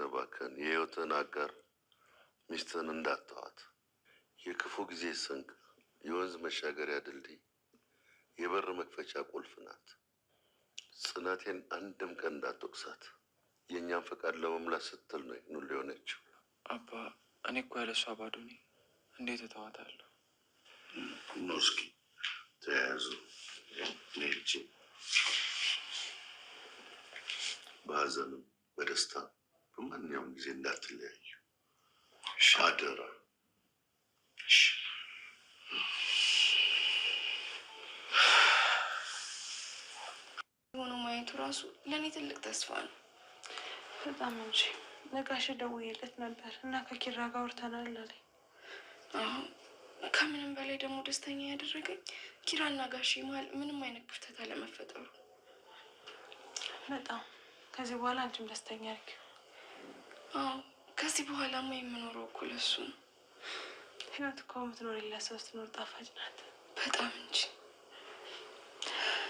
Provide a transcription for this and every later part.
አድርገን እባክህን የህይወትን አጋር ሚስትን እንዳትተዋት። የክፉ ጊዜ ስንቅ፣ የወንዝ መሻገሪያ ድልድይ፣ የበር መክፈቻ ቁልፍ ናት። ጽናቴን አንድም ቀን እንዳትወቅሳት። የእኛን ፈቃድ ለመሙላት ስትል ነው ይህኑ ሊሆነችው። አባ እኔ እኮ ያለሷ ባዶ ነኝ። እንዴት እተዋታለሁ? ኖስኪ ተያያዙ ኔቺ በሀዘንም በደስታ በማንኛውም ጊዜ እንዳትለያዩ ሻደራ የሆነ ማየቱ ራሱ ለእኔ ትልቅ ተስፋ ነው። በጣም እንጂ ነጋሽ ደውዬለት ነበር እና ከኪራ ጋር አውርተናል አለኝ። ከምንም በላይ ደግሞ ደስተኛ ያደረገኝ ኪራና ጋሽ መሀል ምንም አይነት ክፍተት አለመፈጠሩ። በጣም ከዚህ በኋላ አንቺም ደስተኛ አድርጊው። አዎ ከዚህ በኋላማ የምኖረው እኮ ለሱ ነው። ህይወት እኮ የምትኖር ሌላ ሰው ስትኖር ጣፋጭ ናት በጣም እንጂ።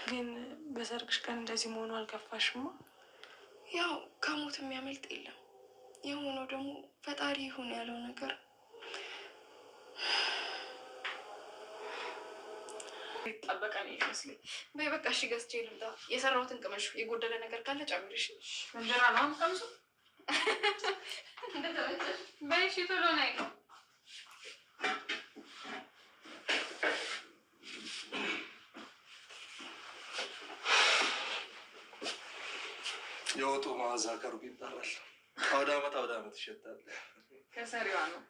ግን በሰርግሽ ቀን እንደዚህ መሆኑ አልከፋሽማ? ያው ከሞት የሚያመልጥ የለም። የሆነው ደግሞ ፈጣሪ ይሁን ያለው ነገር። ይጠበቀን ይመስለኝ። በይ በቃ እሺ፣ ገዝቼ ልምጣ። የሰራሁትን ቅመሹ፣ የጎደለ ነገር ካለ ጨምሪሽ። እንጀራ ነው ቀምሱ በሺ ቶሎ ነይ የወጡ መዓዛ ከርቡ ይጠራል አውደ ዓመት አውደ ዓመት ይሸታል። ከሰሪዋ ነው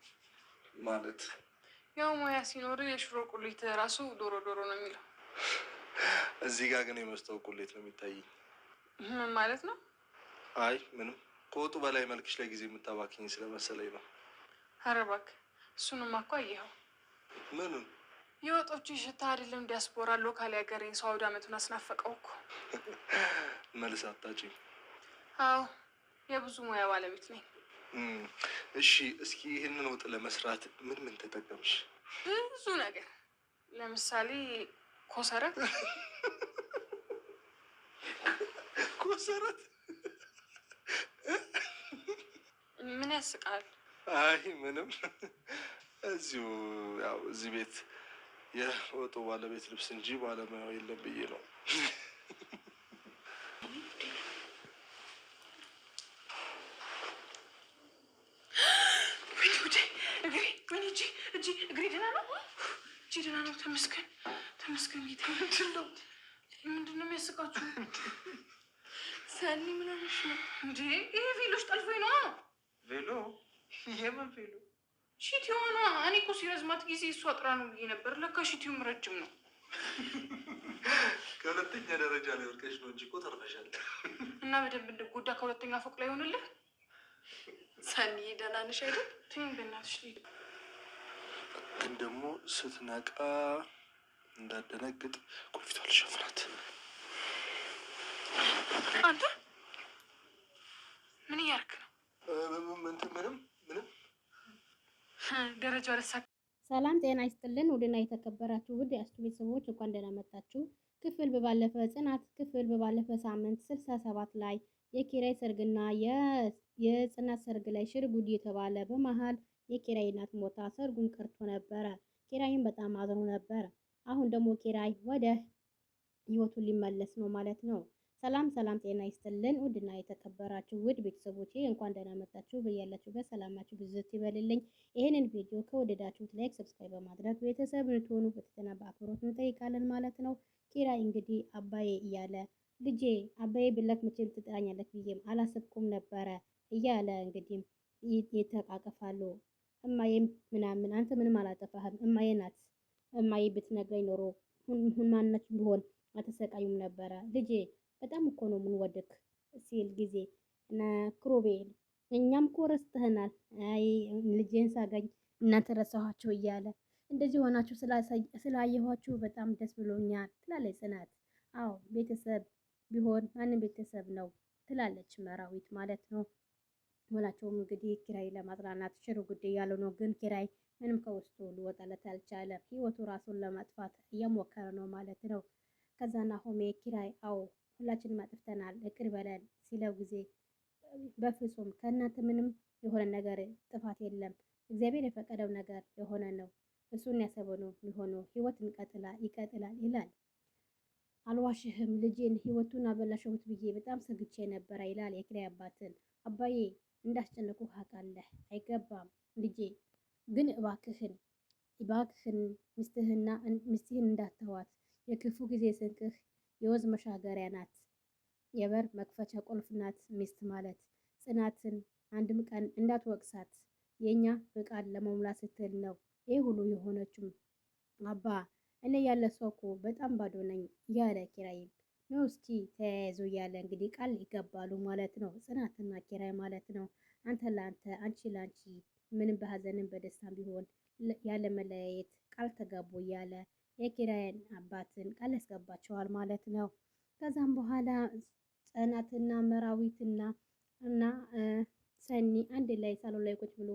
ማለት ያው ሙያ ሲኖር የሽሮ ቁሌት ራሱ ዶሮ ዶሮ ነው የሚለው። እዚህ ጋር ግን የመስታወት ቁሌት ነው የሚታይ። ምን ማለት ነው? አይ ምንም ከወጡ በላይ መልክሽ ላይ ጊዜ የምታባክኝ ስለመሰለኝ ነው። ኧረ እባክህ እሱንም እኮ አየኸው። ምኑን? የወጦቹ ሽታ አይደለም ዲያስፖራ ሎካል ያገሬን ሰው አውድ አመቱን አስናፈቀው እኮ። መልስ አታጭኝ። አዎ የብዙ ሙያ ባለቤት ነኝ። እሺ እስኪ ይህንን ወጥ ለመስራት ምን ምን ተጠቀምሽ? ብዙ ነገር። ለምሳሌ ኮሰረት ኮሰረት ያስቃል። አይ ምንም እዚሁ ያው እዚህ ቤት የወጡ ባለቤት ልብስ እንጂ ባለሙያው የለም ብዬ ነው። እግሬ ደህና ነው ደህና ነው። ተመስገን ተመስገን። ጌታ ምንድን ነው የሚያስቃችሁ? ሰኒ ምን ሆነሽ ነው እንዴ? ይሄ ቬሎች ጠልፎኝ ነው። ቬሎ የምን ቬሎ? ሽቲ ሆና። እኔ እኮ ሲረዝማት ጊዜ እሷ ጥራ ነው ብዬ ነበር። ለካ ሽቲውም ረጅም ነው። ከሁለተኛ ደረጃ ላይ ወርቀሽ ነው እንጂ እኮ ተርፈሻለሁ። እና በደንብ እንድጎዳ ከሁለተኛ ፎቅ ላይ ሆንልህ። ሰኒዬ ደህና ነሽ አይደል? ትይም በእናትሽ ግን ደግሞ ስትነቃ እንዳደነግጥ ኮፊቷ ልሸፍናት። አንተ ምን እያደረክ ሰላም ጤና ይስጥልን። ውድና የተከበራችሁ ውድ የአስቱ ቤተሰቦች እንኳን ደህና መጣችሁ። ክፍል በባለፈ ጽናት ክፍል በባለፈ ሳምንት ስልሳ ሰባት ላይ የኪራይ ሰርግና የጽናት ሰርግ ላይ ሽርጉድ የተባለ በመሀል የኪራይ እናት ሞታ ሰርጉም ቀርቶ ነበረ። ኪራይም በጣም አዝኖ ነበረ። አሁን ደግሞ ኪራይ ወደ ህይወቱን ሊመለስ ነው ማለት ነው። ሰላም ሰላም፣ ጤና ይስጥልን ውድና የተከበራችሁ ውድ ቤተሰቦቼ እንኳን ደህና መጣችሁ። በያላችሁበት ሰላማችሁ ብዝት ይበልልኝ። ይህንን ቪዲዮ ከወደዳችሁት ላይክ፣ ሰብስክራይብ በማድረግ ቤተሰብ ልትሆኑ በትህትና በአክብሮት እንጠይቃለን ማለት ነው። ኪራ እንግዲህ አባዬ እያለ ልጄ አባዬ ብለክ መቼም ትጥራኛለች ብዬም አላሰብኩም ነበረ እያለ እንግዲህ ይተቃቀፋሉ። እማዬ ምናምን አንተ ምንም አላጠፋህም እማዬ ናት እማዬ ብትነግረኝ ኖሮ ሁማነት ቢሆን አልተሰቃዩም ነበረ ልጄ በጣም እኮ ነው የምንወድክ ሲል ጊዜ ክሮቤል እኛም እኮ ረስተህናል፣ አይ ልጄን ሳገኝ እናንተ ረሳኋችሁ እያለ እንደዚህ ሆናችሁ ስላየኋችሁ በጣም ደስ ብሎኛል ትላለች ጽናት። አዎ ቤተሰብ ቢሆን ማንም ቤተሰብ ነው ትላለች መራዊት ማለት ነው። ሁላቸውም እንግዲህ ኪራይ ለማጽናናት ሽር ጉድ እያሉ ነው። ግን ኪራይ ምንም ከውስጡ ሊወጣለት አልቻለም። ህይወቱ ራሱን ለማጥፋት እየሞከረ ነው ማለት ነው። ከዛ ናሆሜ ኪራይ አዎ ሁላችንም አጥፍተናል ይቅር በለን ሲለው ጊዜ በፍጹም ከእናንተ ምንም የሆነ ነገር ጥፋት የለም፣ እግዚአብሔር የፈቀደው ነገር የሆነ ነው፣ እሱን ያሰበው ነው የሆነው፣ ህይወት ይቀጥላል ይላል። አልዋሽህም ልጄን ህይወቱን አበላሸሁት ብዬ በጣም ሰግቼ ነበረ ይላል የኪራ አባትን። አባዬ እንዳስጨነቁ አውቃለሁ፣ አይገባም ልጄ፣ ግን እባክህን እባክህን ሚስትህና ሚስትህን እንዳትተዋት የክፉ ጊዜ ስንክህ የወዝ መሻገሪያ ናት፣ የበር መክፈቻ ቁልፍ ናት ሚስት ማለት። ጽናትን አንድም ቀን እንዳትወቅሳት የእኛ ፍቃድ ለመሙላት ስትል ነው ይህ ሁሉ የሆነችም። አባ እኔ ያለ ሰው እኮ በጣም ባዶ ነኝ እያለ ኪራይም ነው እስኪ ተያይዞ እያለ እንግዲህ ቃል ይገባሉ ማለት ነው ጽናትና ኪራይ ማለት ነው። አንተ ለአንተ አንቺ ለአንቺ ምንም በሀዘንም በደስታም ቢሆን ያለ መለያየት ቃል ተጋቡ እያለ የኪራይን አባትን ቃል ያስገባቸዋል ማለት ነው። ከዛም በኋላ ጽናትና መራዊትና እና ሰኒ አንድ ላይ ሳሎን ላይ ቁጭ ብሎ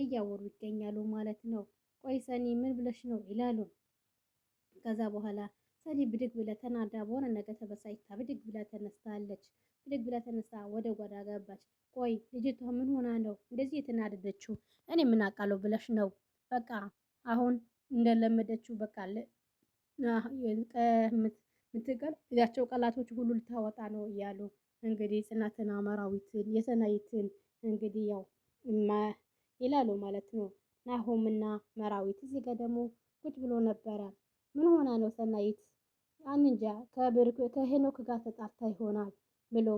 እያወሩ ይገኛሉ ማለት ነው። ቆይ ሰኒ ምን ብለሽ ነው ይላሉ። ከዛ በኋላ ሰኒ ብድግ ብለ ተናዳ በሆነ ነገር ተበሳጭታ ብድግ ብለ ተነስታለች። ብድግ ብለ ተነስታ ወደ ጓዳ ገባች። ቆይ ልጅቷ ምን ሆና ነው እንደዚህ የተናደደችው? እኔ ምን አውቃለሁ ብለሽ ነው በቃ አሁን እንደለመደችው በቃ ምትቀል ያቸው ቀላቶች ሁሉ ልታወጣ ነው እያሉ እንግዲህ ጽናትን አመራዊትን የሰናይትን እንግዲህ ያው ይላሉ ማለት ነው። ናሆምና መራዊት እዚህ ጋር ደግሞ ቁጭ ብሎ ነበረ። ምን ሆና ነው ሰናይት አንንጃ ከብርክ ከሄኖክ ጋር ተጣልታ ይሆናል ብሎ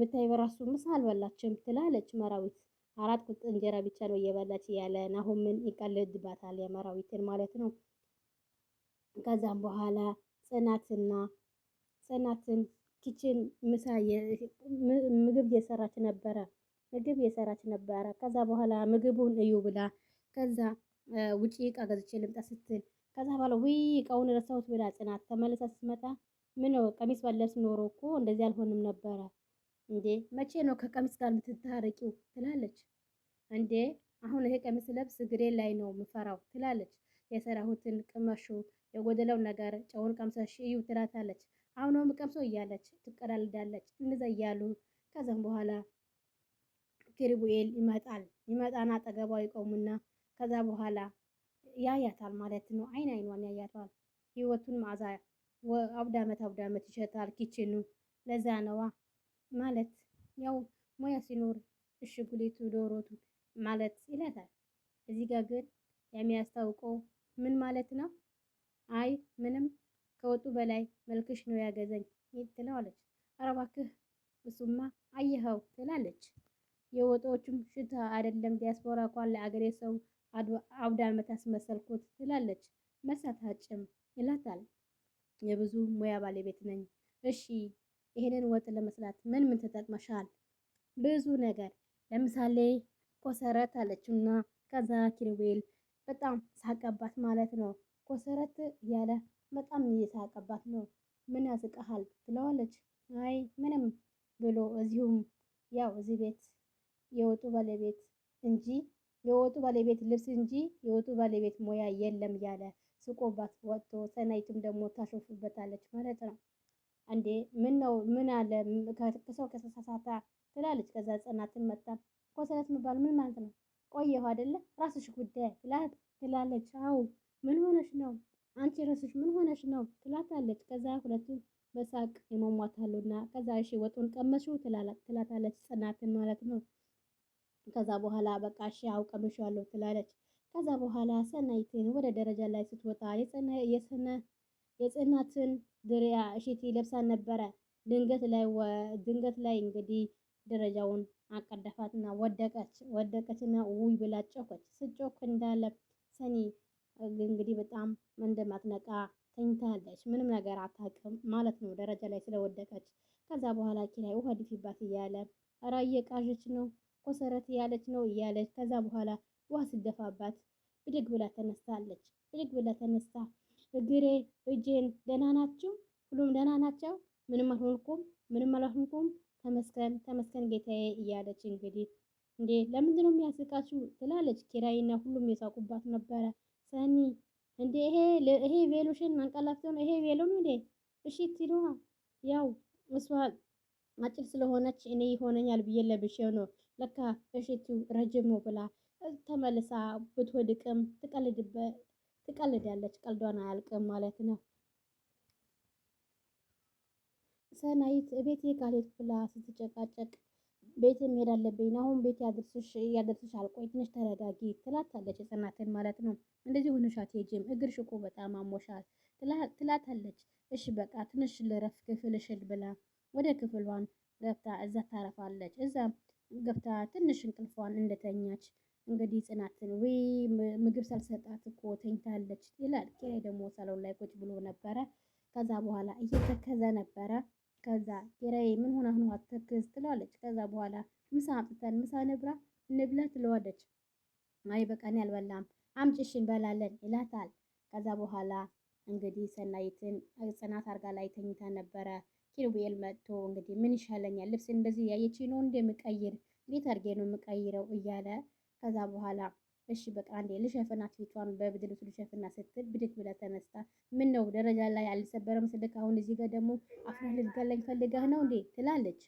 ብታይ በራሱ ምሳ አልበላችም ትላለች መራዊት። አራት ቁርጥ እንጀራ ብቻ ነው እየበላች ያለ ናሆምን ይቀልድባታል የመራዊትን ማለት ነው። ከዛም በኋላ ጽናትና ጽናትን ኪችን ምሳ ምግብ እየሰራች ነበረ። ምግብ እየሰራች ነበረ። ከዛ በኋላ ምግቡን እዩ ብላ ከዛ ውጪ እቃ ገዝቼ ልምጣ ስትል ከዛ በኋላ ውይ እቃውን ረሳሁት ብላ ጽናት ተመልሳ ስትመጣ ምን ቀሚስ ባለብስ ኖሮ እኮ እንደዚህ አልሆንም ነበረ። እንዴ መቼ ነው ከቀሚስ ጋር የምትታረቂው? ትላለች። እንዴ አሁን ይሄ ቀሚስ ለብስ እግሬ ላይ ነው ምፈራው ትላለች። የሰራሁትን ቅመሹ የጎደለው ነገር ጨውን ቀምሰሽ እዩ ትላታለች። አሁንም ቀምሶ እያለች ትቀዳልዳለች። እንደዛ እያሉ ከዛም በኋላ ኪሩቤል ይመጣል። ይመጣና አጠገቧ ይቆሙና ከዛ በኋላ ያያታል ማለት ነው። አይን አይኗን ያያታል። ህይወቱን ማዕዛ አውዳመት አውዳመት ይሸጣል ኪችኑ። ለዛ ነዋ ማለት ያው ሙያ ሲኖር እሽጉሌቱ ዶሮቱ ማለት ይለታል። እዚህ ጋር ግን የሚያስታውቀው ምን ማለት ነው? አይ ምንም ከወጡ በላይ መልክሽ ነው ያገዘኝ ትለዋለች። ኧረ እባክህ እሱማ አየኸው ትላለች። የወጦቹም ሽታ አይደለም ዲያስፖራ እኳን ለአገሬ ሰው አውዳመት አስመሰልኩት ትላለች። መሳታጭም ይላታል። የብዙ ሙያ ባለቤት ነኝ። እሺ ይሄንን ወጥ ለመስራት ምን ምን ተጠቅመሻል? ብዙ ነገር ለምሳሌ ኮሰረት አለችና ከዛ ኪሩቤል በጣም ሳቀባት ማለት ነው። ኮሰረት እያለ በጣም እየሳቀባት ነው። ምን ያስቅሃል ትለዋለች። አይ ምንም ብሎ እዚሁም ያው እዚህ ቤት የወጡ ባለቤት እንጂ የወጡ ባለቤት ልብስ እንጂ የወጡ ባለቤት ሙያ የለም እያለ ስቆባት ወጥቶ ሰናይትም ደግሞ ታሾፍበታለች ማለት ነው። እንዴ ምን ነው ምን አለ ከሰው ከተሳሳተ ትላለች። ከዛ ጽናትን መታ ኮሰረት መባል ምን ማለት ነው? ቆየሁ አይደለ ራስሽ ጉዳይ ትላለች። አው ምን ሆነሽ ነው አንቺ ራስሽ ምን ሆነሽ ነው ትላታለች። ከዛ ሁለቱም በሳቅ ይሟሟታሉና ከዛ እሺ ወጡን ቀመሹ ትላታለች ጽናትን ማለት ነው። ከዛ በኋላ በቃ እሺ አውቀምሻለሁ ትላለች። ከዛ በኋላ ሰናይትን ወደ ደረጃ ላይ ስትወጣ የጽናትን ድሪያ እሽቲ ለብሳ ነበረ። ድንገት ላይ ድንገት ላይ እንግዲህ ደረጃውን አቀደፋትና ወደቀች ወደቀችና ውይ ብላ ጮኸች። ስጮክ እንዳለ ሰኒ እንግዲህ በጣም እንደማትነቃ ተኝታለች፣ ምንም ነገር አታውቅም ማለት ነው ደረጃ ላይ ስለወደቀች። ከዛ በኋላ ኪራይ ውሃ ድፊባት እያለ ኧረ እየቃዠች ነው ኮሰረት እያለች ነው እያለች ከዛ በኋላ ውሃ ስደፋባት ብድግ ብላ ተነስታለች። ብድግ ብላ ተነስታ እግሬ እጄን ደህና ናችሁ? ሁሉም ደህና ናቸው? ምንም አልሆንኩም፣ ምንም አልሆንኩም፣ ተመስገን ተመስገን ጌታዬ እያለች እንግዲህ እንዴ ለምንድን ነው የሚያስቃችሁ? ትላለች ኪራይና ሁሉም የሳቁባት ነበረ። ሰኒ እንዴ ይሄ ይሄ ቬሎሽን አንቀላፍቶ ነው ይሄ ቬሎ ነው እንዴ? እሺ ትሉዋ ያው እሷ አጭር ስለሆነች እኔ ይሆነኛል ብዬ ለብሼው ነው ለካ እሽቱ ረጅም ነው ብላ ተመልሳ ብትወድቅም ትቀልዳለች። ቀልዷን አያልቅም ማለት ነው። ሰናይት እቤት የካሌት ብላ ስትጨቃጨቅ ቤት መሄድ አለብኝ አሁን ቤት ያደርስሽ ያደርስሻል፣ ቆይ ትንሽ ተረጋጊ ትላታለች ጽናትን ማለት ነው። እንደዚህ ሆነሽ አትሄጂም፣ እግርሽ እኮ በጣም አሞሻል ትላታለች። እሺ በቃ ትንሽ ልረፍ ክፍልሽን ብላ ወደ ክፍሏን ገብታ እዛ ታረፋለች። እዛ ገብታ ትንሽ እንቅልፏን እንደተኛች እንግዲህ ጽናትን ወይ ምግብ ሳልሰጣት እኮ ተኝታለች ይላል። ኪራይ ደግሞ ሳሎን ላይ ቁጭ ብሎ ነበረ። ከዛ በኋላ እየተከዘ ነበረ ከዛ ጌራዬ ምን ሆናህ ነው አትክስ ትለዋለች። ከዛ በኋላ ምሳ አምጥተን ምሳ ንብራ እንብላ ትለዋለች። አይ በቃ አልበላም አምጭሽ እንበላለን ይላታል። ከዛ በኋላ እንግዲህ ሰናይትን ጽናት አርጋ ላይ ተኝታ ነበረ። ኪሩቤል መጥቶ እንግዲህ ምን ይሻለኛል ልብስ እንደዚህ ያየች ነው እንደምቀይር እንዴት አድርጌ ነው የምቀይረው እያለ ከዛ በኋላ እሺ በቃ አንዴ ልሸፍናት ፊቷን በብድልቱ ልሸፍና ስትል ብድግ ብላ ተነስታ፣ ምን ነው ደረጃ ላይ አልሰበረም ስልክ? አሁን እዚህ ጋር ደግሞ አፍራህ ልትገለኝ ፈልገህ ነው እንዴ? ትላለች።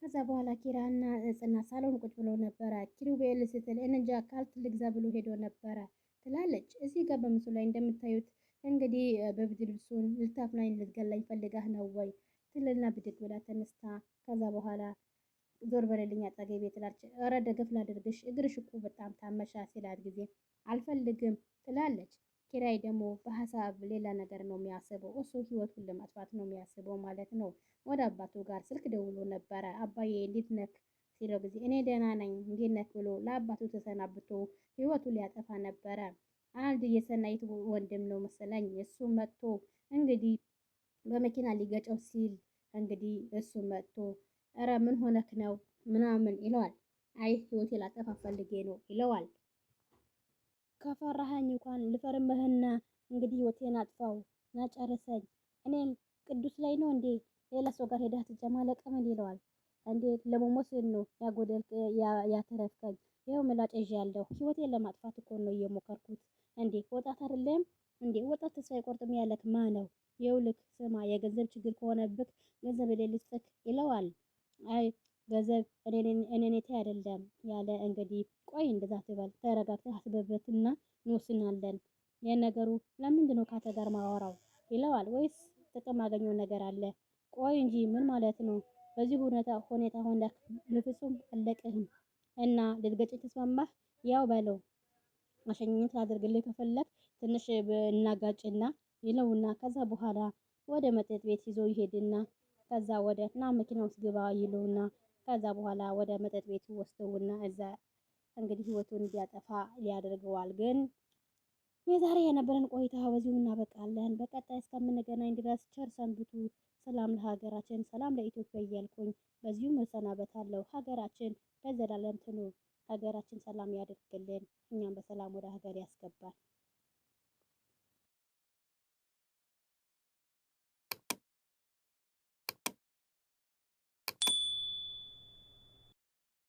ከዛ በኋላ ኪራና ጽናት ሳሎን ቁጭ ብለው ነበረ። ኪሩቤል ስትል እንጃ ካልት ልግዛ ብሎ ሄዶ ነበረ ትላለች። እዚህ ጋር በምስሉ ላይ እንደምታዩት እንግዲህ በብድር ልብሱን ልታፍናኝ ልትገላኝ ፈልጋህ ነው ወይ ትልና ብድግ ብላ ተነስታ ከዛ በኋላ ዞር በሌልኝ አጠገቤ ትላለች። ኧረ ደገፍ ላድርግሽ እግርሽ እኮ በጣም ታመሻ ሲላት ጊዜ አልፈልግም ትላለች። ኪራይ ደግሞ በሀሳብ ሌላ ነገር ነው የሚያስበው። እሱ ህይወቱን ለማጥፋት ነው የሚያስበው ማለት ነው። ወደ አባቱ ጋር ስልክ ደውሎ ነበረ። አባዬ እንዴት ነክ ሲለው ጊዜ እኔ ደህና ነኝ እንዴት ነክ ብሎ ለአባቱ ተሰናብቶ ህይወቱን ሊያጠፋ ነበረ። አንድ የሰናይት ወንድም ነው መሰለኝ እሱ መጥቶ እንግዲህ በመኪና ሊገጨው ሲል እንግዲህ እሱ መጥቶ እረ ምን ሆነክ ነው ምናምን ይለዋል። አይ ህይወቴ ላጠፋ ፈልጌ ነው ይለዋል። ከፈራሃኝ እንኳን ልፈርምህና እንግዲህ ህይወቴን አጥፋው ጨርሰኝ እኔም ቅዱስ ላይ ነው እንዴ ሌላ ሰው ጋር ሄዳ ትጨማለቅምን ይለዋል። እንዴ ለመሞት ነው ያጎደል ያተረፍከኝ ይኸው ምላጭ ይዣለሁ ህይወቴን ለማጥፋት እኮ ነው እየሞከርኩት እንዴ ወጣት አይደለም እንዴ ወጣት ተስፋ አይቆርጥም ያለክ ማ ነው ይኸውልህ ስማ የገንዘብ ችግር ከሆነብክ ገንዘብ የሌለህ ይለዋል አይ ገንዘብ እኔኔቴ አይደለም ያለ እንግዲህ ቆይ እንደዛ ትበል ተረጋግተህ አስበበትና እንወስናለን። ይህን ነገሩ ለምንድን ነው ካንተ ጋር ማወራው ይለዋል። ወይስ ጥቅም አገኘው ነገር አለ? ቆይ እንጂ ምን ማለት ነው? በዚህ ሁኔታ ሁኔታ ሆነ በፍጹም አለቅህም እና ልትገጭ ተስማማህ? ያው በለው አሸኝነት ላድርግልህ ከፈለግ ትንሽ እናጋጭና ይለውና ከዛ በኋላ ወደ መጠጥ ቤት ይዞ ይሄድና ከዛ ወደትና መኪና ውስጥ ግባ ይሉና ከዛ በኋላ ወደ መጠጥ ቤት ወስደውና እዛ እንግዲህ ህይወቱን እንዲያጠፋ ያደርገዋል። ግን የዛሬ የነበረን ቆይታ በዚሁ እናበቃለን። በቀጣይ እስከምንገናኝ ድረስ ቸር ሰንብቱ። ሰላም ለሀገራችን፣ ሰላም ለኢትዮጵያ እያልኩኝ በዚሁ መሰናበታለሁ። ሀገራችን ለዘላለም ትኑር። ሀገራችን ሰላም ያደርግልን፣ እኛም በሰላም ወደ ሀገር ያስገባል።